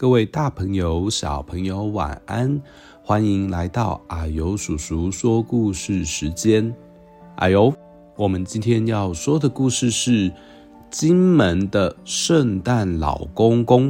各位大朋友、小朋友，晚安！歡迎來到啊呦叔叔說故事時間。啊呦，我們今天要說的故事是《金門的聖誕老公公》。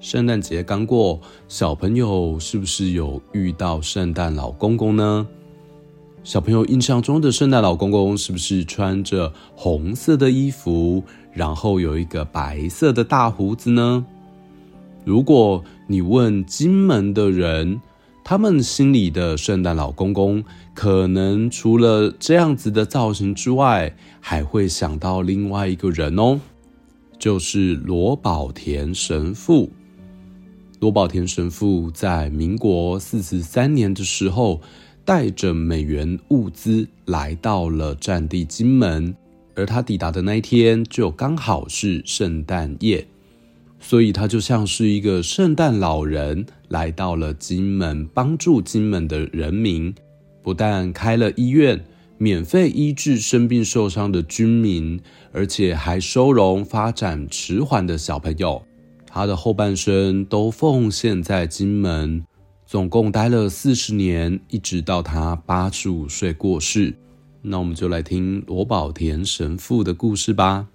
聖誕節剛過，小朋友是不是有遇到聖誕老公公呢？小朋友印象中的聖誕老公公是不是穿着紅色的衣服，然後有一個白色的大鬍子呢？如果你問金門的人，他們心裡的聖誕老公公，可能除了這樣子的造型之外，還會想到另外一個人哦，就是羅寶田神父。羅寶田神父在民國四十三年的時候，帶着美元物資來到了戰地金門，而他抵達的那一天，就剛好是聖誕夜。所以他就像是一個聖誕老人，來到了金門，幫助金門的人民。不但開了醫院，免費醫治生病受傷的軍民，而且還收容發展遲緩的小朋友。他的後半生都奉獻在金門，總共待了四十年，一直到他八十五歲過世。那我們就來聽羅寶田神父的故事吧。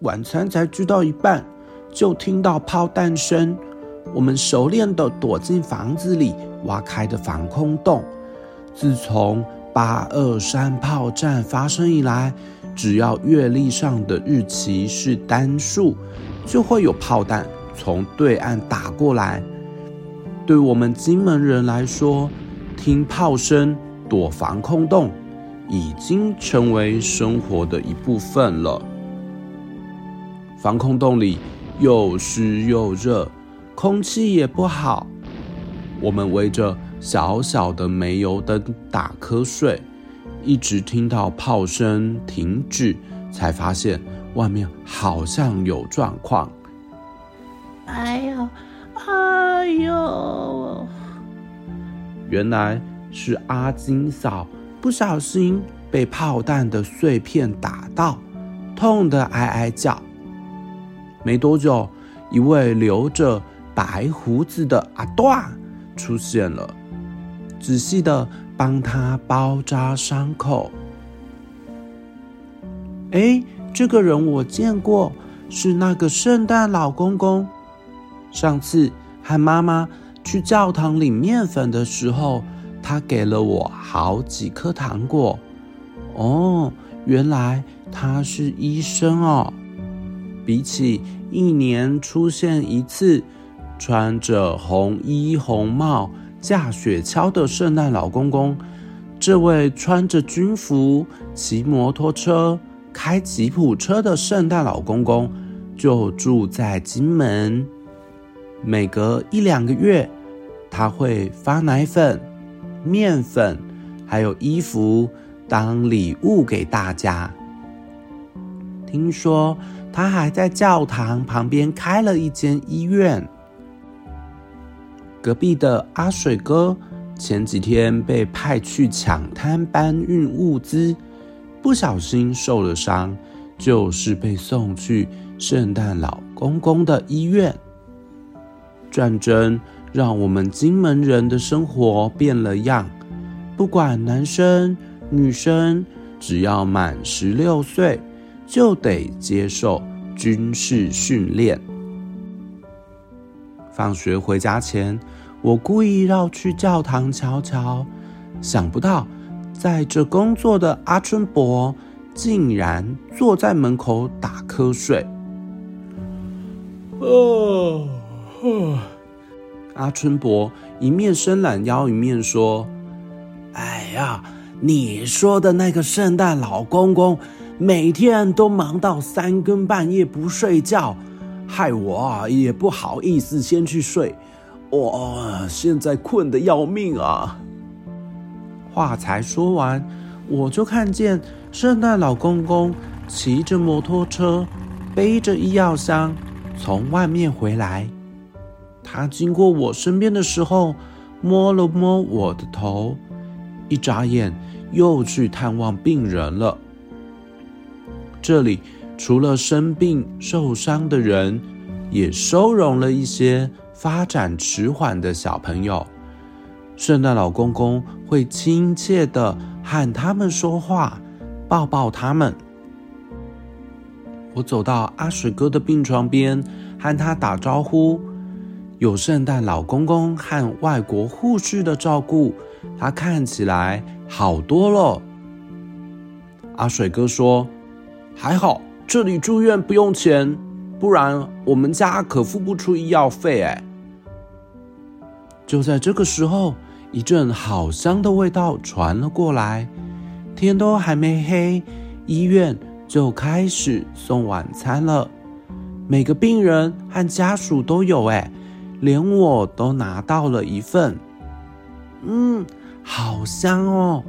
晚餐才吃到一半，就聽到炮彈聲。我們熟練地躲進房子裡挖開的防空洞。自從八二三炮戰發生以來，只要月曆上的日期是單數，就會有炮彈從對岸打過來。對我們金門人來說，聽炮聲、躲防空洞，已經成為生活的一部分了。防空洞裡又濕又熱，空氣也不好。我們圍着小小的煤油燈打瞌睡，一直聽到炮聲停止，才發現外面好像有狀況。哎呦，哎呦！原來是阿金嫂不小心被炮彈的碎片打到，痛得哀哀叫。沒多久，一位留着白鬍子的阿兜出現了，仔細的幫他包紮傷口。哎，這個人我見過，是那個聖誕老公公。上次和媽媽去教堂領麵粉的時候，他給了我好幾顆糖果。哦，原來他是醫生哦。比起一年出現一次，穿着紅衣紅帽駕雪橇的聖誕老公公，這位穿着軍服、騎摩托車、開吉普車的聖誕老公公就住在金門。每隔一兩個月，他會發奶粉、麵粉，還有衣服當禮物給大家。聽說他還在教堂旁邊開了一間醫院。隔壁的阿水哥前幾天被派去搶灘搬運物資，不小心受了傷，就是被送去聖誕老公公的醫院。戰爭讓我們金門人的生活變了樣，不管男生女生，只要滿十六歲，就得接受軍事訓練。放學回家前，我故意繞去教堂瞧瞧，想不到在這工作的阿春伯竟然坐在門口打瞌睡。哦，呵。阿春伯一面伸懶腰，一面說：“哎呀，你說的那個聖誕老公公。”每天都忙到三更半夜不睡覺，害我也不好意思先去睡。哇、哦，現在困得要命啊！話才說完，我就看見聖誕老公公騎着摩托車，背着醫藥箱從外面回來。他經過我身邊的時候，摸了摸我的頭，一眨眼又去探望病人了。這裡除了生病受傷的人，也收容了一些發展遲緩的小朋友。聖誕老公公會親切的和他們說話，抱抱他們。我走到阿水哥的病床邊，和他打招呼。有聖誕老公公和外國護士的照顧，他看起來好多了。阿水哥說。還好，這裡住院不用錢，不然我們家可付不出醫藥費哎。就在這個時候，一陣好香的味道傳了過來。天都還沒黑，醫院就開始送晚餐了。每個病人和家屬都有哎，連我都拿到了一份。嗯，好香哦。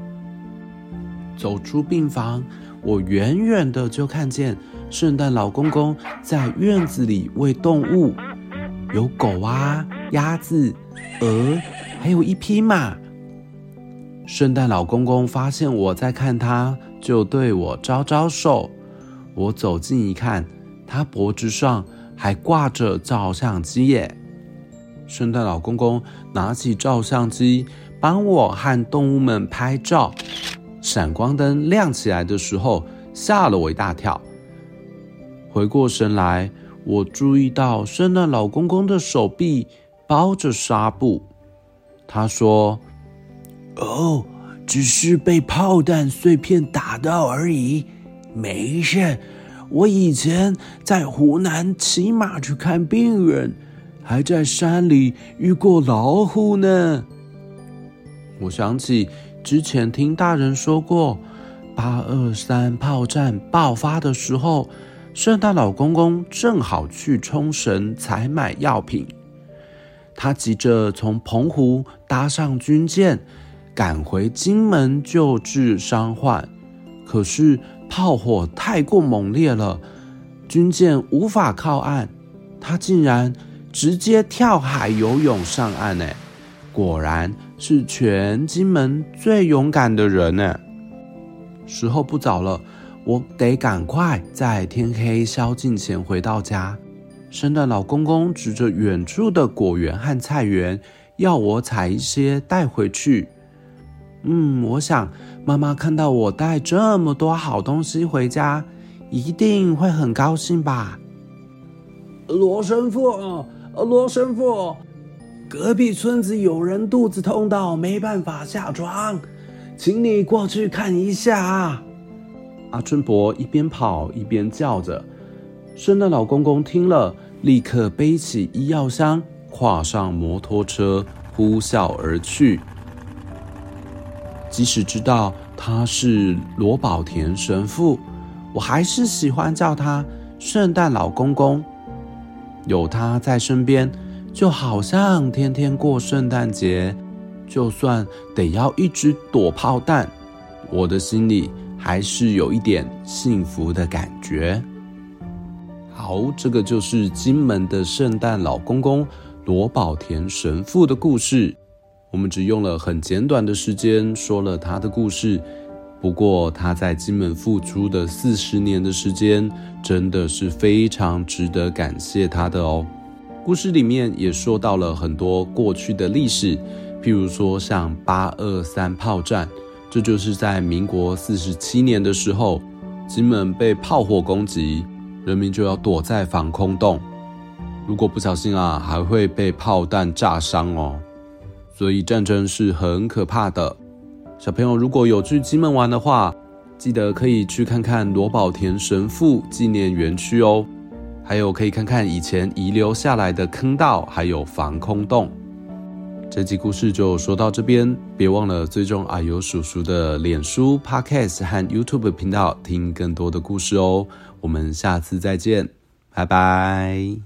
走出病房，我遠遠的就看見聖誕老公公在院子裡餵動物，有狗啊、鴨子、鵝，還有一匹馬。聖誕老公公發現我在看他，就對我招招手。我走近一看，他脖子上還掛着照相機耶！聖誕老公公拿起照相機，幫我和動物們拍照。閃光燈亮起來的時候，嚇了我一大跳。回過神來，我注意到聖誕老公公的手臂包着紗布。他說：“哦，只是被炮彈碎片打到而已，沒事。我以前在湖南騎馬去看病人，還在山裡遇過老虎呢。”我想起。之前聽大人說過，八二三炮戰爆發的時候，聖誕老公公正好去沖繩採買藥品。他急着從澎湖搭上軍艦，趕回金門救治傷患。可是炮火太過猛烈了，軍艦無法靠岸，他竟然直接跳海游泳上岸呢！果然。是全金門最勇敢的人呢、欸。時候不早了，我得趕快在天黑宵禁前回到家。聖誕老公公指着遠處的果園和菜園，要我採一些帶回去。嗯，我想媽媽看到我帶這麼多好東西回家，一定會很高興吧。羅神父啊，羅神父。隔壁村子有人肚子痛到沒辦法下床，請你過去看一下啊！阿春伯一邊跑一邊叫着。聖誕老公公聽了，立刻背起醫藥箱，跨上摩托車，呼嘯而去。即使知道他是羅寶田神父，我還是喜歡叫他聖誕老公公。有他在身邊。就好像天天過聖誕節，就算得要一直躲炮彈，我的心裡還是有一點幸福的感覺。好，這個就是金門的聖誕老公公羅寶田神父的故事。我們只用了很簡短的時間說了他的故事，不過他在金門付出的四十年的時間，真的是非常值得感謝他的哦。故事裡面也說到了很多過去的歷史，譬如說像八二三炮戰，這就是在民國四十七年的時候，金門被炮火攻擊，人民就要躲在防空洞，如果不小心啊，還會被炮彈炸傷哦。所以戰爭是很可怕的。小朋友如果有去金門玩的話，記得可以去看看羅寶田神父紀念園區哦。還有可以看看以前遺留下來的坑道，還有防空洞。這集故事就說到這邊，別忘了追蹤啊呦叔叔的臉書、Podcast 和 YouTube 頻道，聽更多的故事哦。我們下次再見，拜拜。